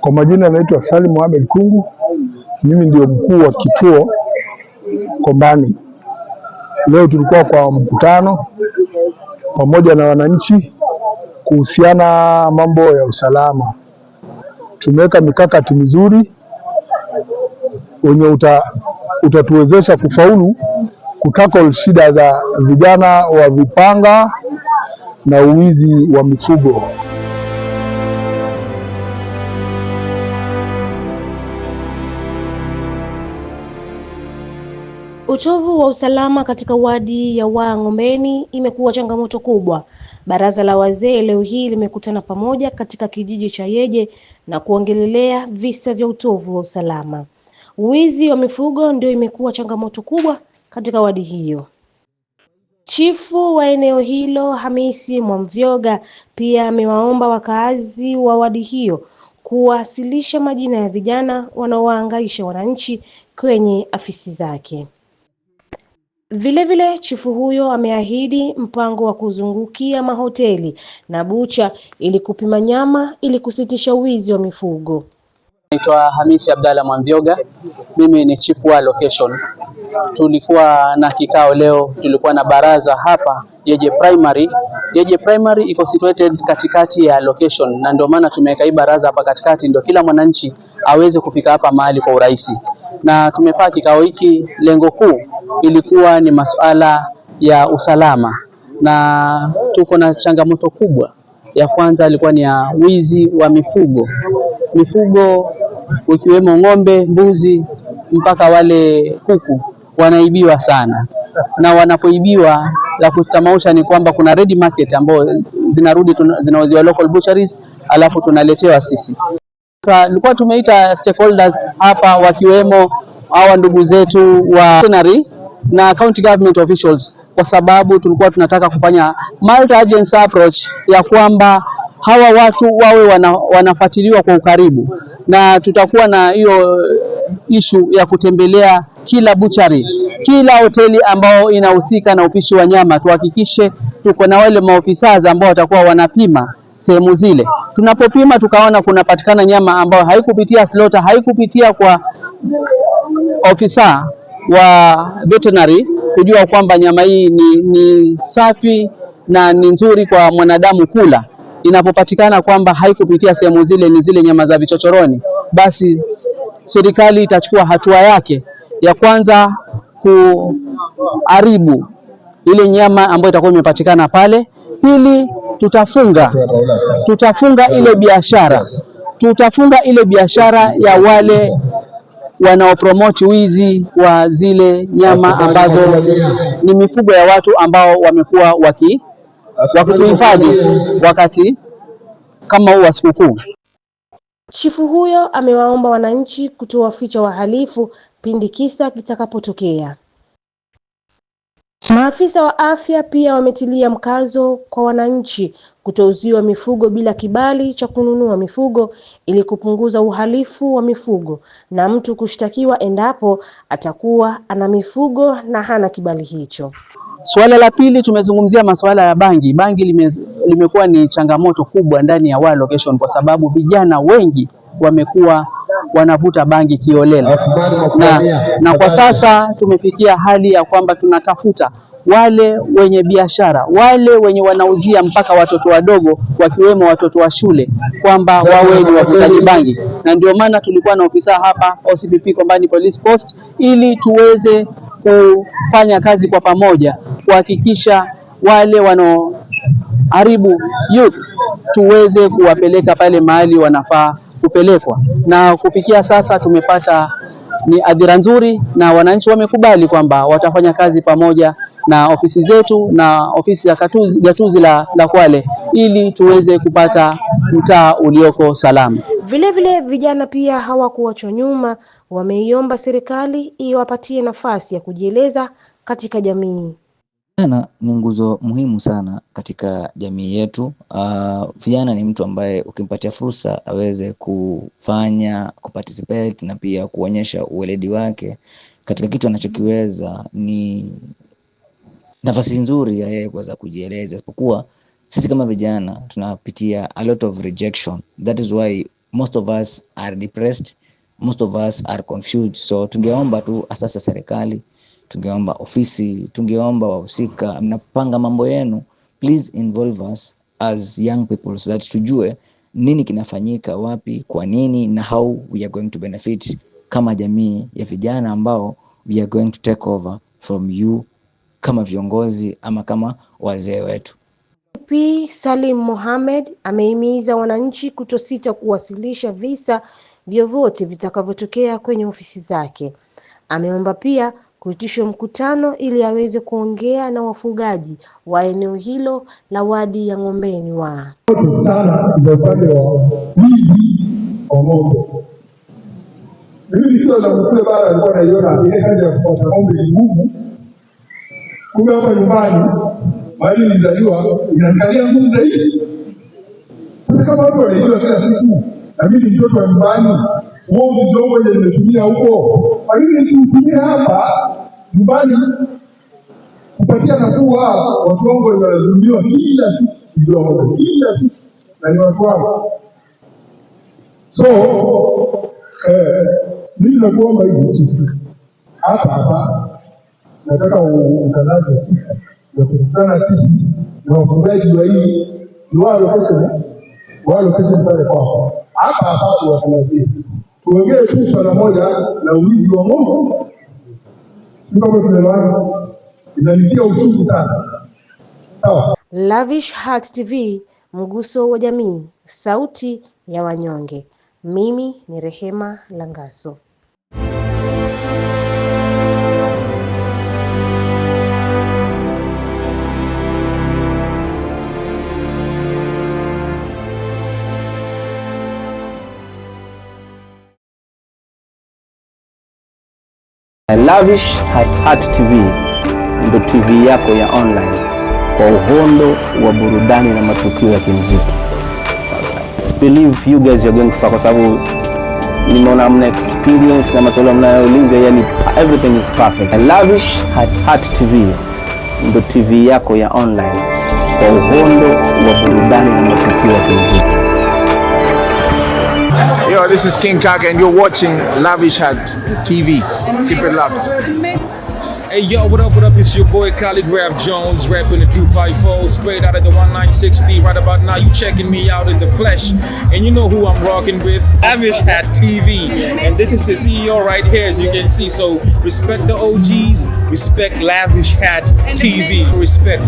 Kwa majina anaitwa Salim Mohamed Kungu, mimi ndio mkuu wa kituo Kombani. Leo tulikuwa kwa mkutano pamoja na wananchi kuhusiana mambo ya usalama. Tumeweka mikakati mizuri wenye uta, utatuwezesha kufaulu kutackle shida za vijana wa vipanga na uwizi wa mifugo. Utovu wa usalama katika wadi ya Waa Ng'ombeni imekuwa changamoto kubwa. Baraza la wazee leo hii limekutana pamoja katika kijiji cha Yeje na kuongelelea visa vya utovu wa usalama. Wizi wa mifugo ndio imekuwa changamoto kubwa katika wadi hiyo. Chifu wa eneo hilo Hamisi Mwamvyoga pia amewaomba wakaazi wa wadi hiyo kuwasilisha majina ya vijana wanaowahangaisha wananchi kwenye afisi zake. Vilevile chifu huyo ameahidi mpango wa kuzungukia mahoteli na bucha ili kupima nyama ili kusitisha wizi wa mifugo. Naitwa Hamisi Abdalla mwambyoga mimi ni chifu wa location. Tulikuwa na kikao leo, tulikuwa na baraza hapa Jeje Primary. Jeje Primary iko situated katikati ya location, na ndio maana tumeweka hii baraza hapa katikati, ndio kila mwananchi aweze kufika hapa mahali kwa urahisi, na tumefaa kikao hiki lengo kuu ilikuwa ni masuala ya usalama, na tuko na changamoto kubwa. Ya kwanza ilikuwa ni ya wizi wa mifugo, mifugo ikiwemo ng'ombe, mbuzi, mpaka wale kuku wanaibiwa sana, na wanapoibiwa la kutamausha ni kwamba kuna red market ambao zinarudi zinauziwa local butcheries, alafu tunaletewa sisi. Sasa nilikuwa tumeita stakeholders hapa, wakiwemo hawa ndugu zetu wa na county government officials, kwa sababu tulikuwa tunataka kufanya multi agency approach ya kwamba hawa watu wawe wana, wanafuatiliwa kwa ukaribu, na tutakuwa na hiyo ishu ya kutembelea kila buchari, kila hoteli ambayo inahusika na upishi wa nyama, tuhakikishe tuko na wale maofisa ambao watakuwa wanapima sehemu zile. Tunapopima tukaona kunapatikana nyama ambayo haikupitia slota, haikupitia kwa ofisa wa veterinary kujua kwamba nyama hii ni, ni safi na ni nzuri kwa mwanadamu kula, inapopatikana kwamba haikupitia sehemu zile ni zile nyama za vichochoroni, basi serikali itachukua hatua yake ya kwanza kuharibu ile nyama ambayo itakuwa imepatikana pale. Pili, tutafunga tutafunga ile biashara tutafunga ile biashara ya wale wanaopromoti wizi wa zile nyama ambazo ni mifugo ya watu ambao wamekuwa waki wakituhifadhi wakati kama huu wa sikukuu. Chifu huyo amewaomba wananchi kutowaficha wahalifu pindi kisa kitakapotokea. Maafisa wa afya pia wametilia mkazo kwa wananchi kutouziwa mifugo bila kibali cha kununua mifugo ili kupunguza uhalifu wa mifugo na mtu kushtakiwa endapo atakuwa ana mifugo na hana kibali hicho. Suala la pili tumezungumzia masuala ya bangi. Bangi lime, limekuwa ni changamoto kubwa ndani ya Wa Location kwa sababu vijana wengi wamekuwa wanavuta bangi kiolela na, na kwa sasa tumefikia hali ya kwamba tunatafuta wale wenye biashara wale wenye wanauzia mpaka watoto wadogo wakiwemo watoto wa shule kwamba wawe ni wavuzaji bangi, na ndio maana tulikuwa na ofisa hapa OCPP Kombani Police Post ili tuweze kufanya kazi kwa pamoja kuhakikisha wale wanaoharibu youth tuweze kuwapeleka pale mahali wanafaa kupelekwa, na kufikia sasa tumepata ni adhira nzuri, na wananchi wamekubali kwamba watafanya kazi pamoja na ofisi zetu na ofisi ya katuzi, gatuzi la, la Kwale ili tuweze kupata mtaa ulioko salama. Vilevile vijana pia hawakuachwa nyuma, wameiomba serikali iwapatie nafasi ya kujieleza katika jamii. Vijana ni nguzo muhimu sana katika jamii yetu. Ah, vijana ni mtu ambaye ukimpatia fursa aweze kufanya, kuparticipate na pia kuonyesha uweledi wake katika kitu anachokiweza ni nafasi nzuri ya yeye kuweza kujieleza. Isipokuwa sisi kama vijana tunapitia a lot of rejection. That is why most of us are depressed, most of us are confused. So tungeomba tu hasa serikali tungeomba ofisi, tungeomba wahusika, mnapanga mambo yenu, please involve us as young people so that tujue nini kinafanyika wapi, kwa nini, na how we are going to benefit kama jamii ya vijana ambao we are going to take over from you kama viongozi ama kama wazee wetu. P Salim Mohamed amehimiza wananchi kutosita kuwasilisha visa vyovyote vitakavyotokea kwenye ofisi zake. Ameomba pia kuitishwa mkutano ili aweze kuongea na wafugaji wa eneo hilo la wadi ya Ng'ombeni wa sana za upande wa wizi wa ng'ombe. Mimi nikiwa za kule bara alikuwa naiona ile hali ya kupata ng'ombe ni ngumu, kumbe hapa nyumbani mahali nilizaliwa inanikalia ngumu zaidi. Sasa kama watu wanaijua kila siku, na mimi ni mtoto wa nyumbani uongo kidogo yenye nimetumia huko, kwa nini nisiutumie hapa nyumbani kupatia nafuu hao watu wangu wanazulumiwa kila siku kidogo kila siku na ni watu wangu. So eh, mimi nakuomba hivi kitu hapa hapa, nataka ukalaze sifa ya kukutana sisi na wafugaji wa hii ni wao location wao location pale kwako hapa hapa, wakalazie tuongee tu swala moja la uwizi wa ng'ombe, tunakuwa tunaelewana, inanitia uchungu sana. Sawa. Lavish Heart TV, mguso wa jamii, sauti ya wanyonge. Mimi ni Rehema Langaso. Lavish at Art TV ndo TV yako ya online kwa uhondo wa burudani na matukio ya kimuziki. Believe you guys are going to fuck kwa sababu nimeona mna experience na maswali mnayouliza, yani everything is perfect. Lavish at Art TV ndo TV yako ya online kwa uhondo wa burudani na matukio ya kimuziki. Yo, this is King Kaka, and you're watching Lavish Hat TV. Keep it locked. Hey yo, what up, what up? It's your boy Calligraph Jones, rapping the 254, straight out of the 1960. Right about now, you checking me out in the flesh, and you know who I'm rocking with, Lavish Hat TV. And this is the CEO right here, as you can see. So respect the OGs, respect Lavish Hat TV, respect.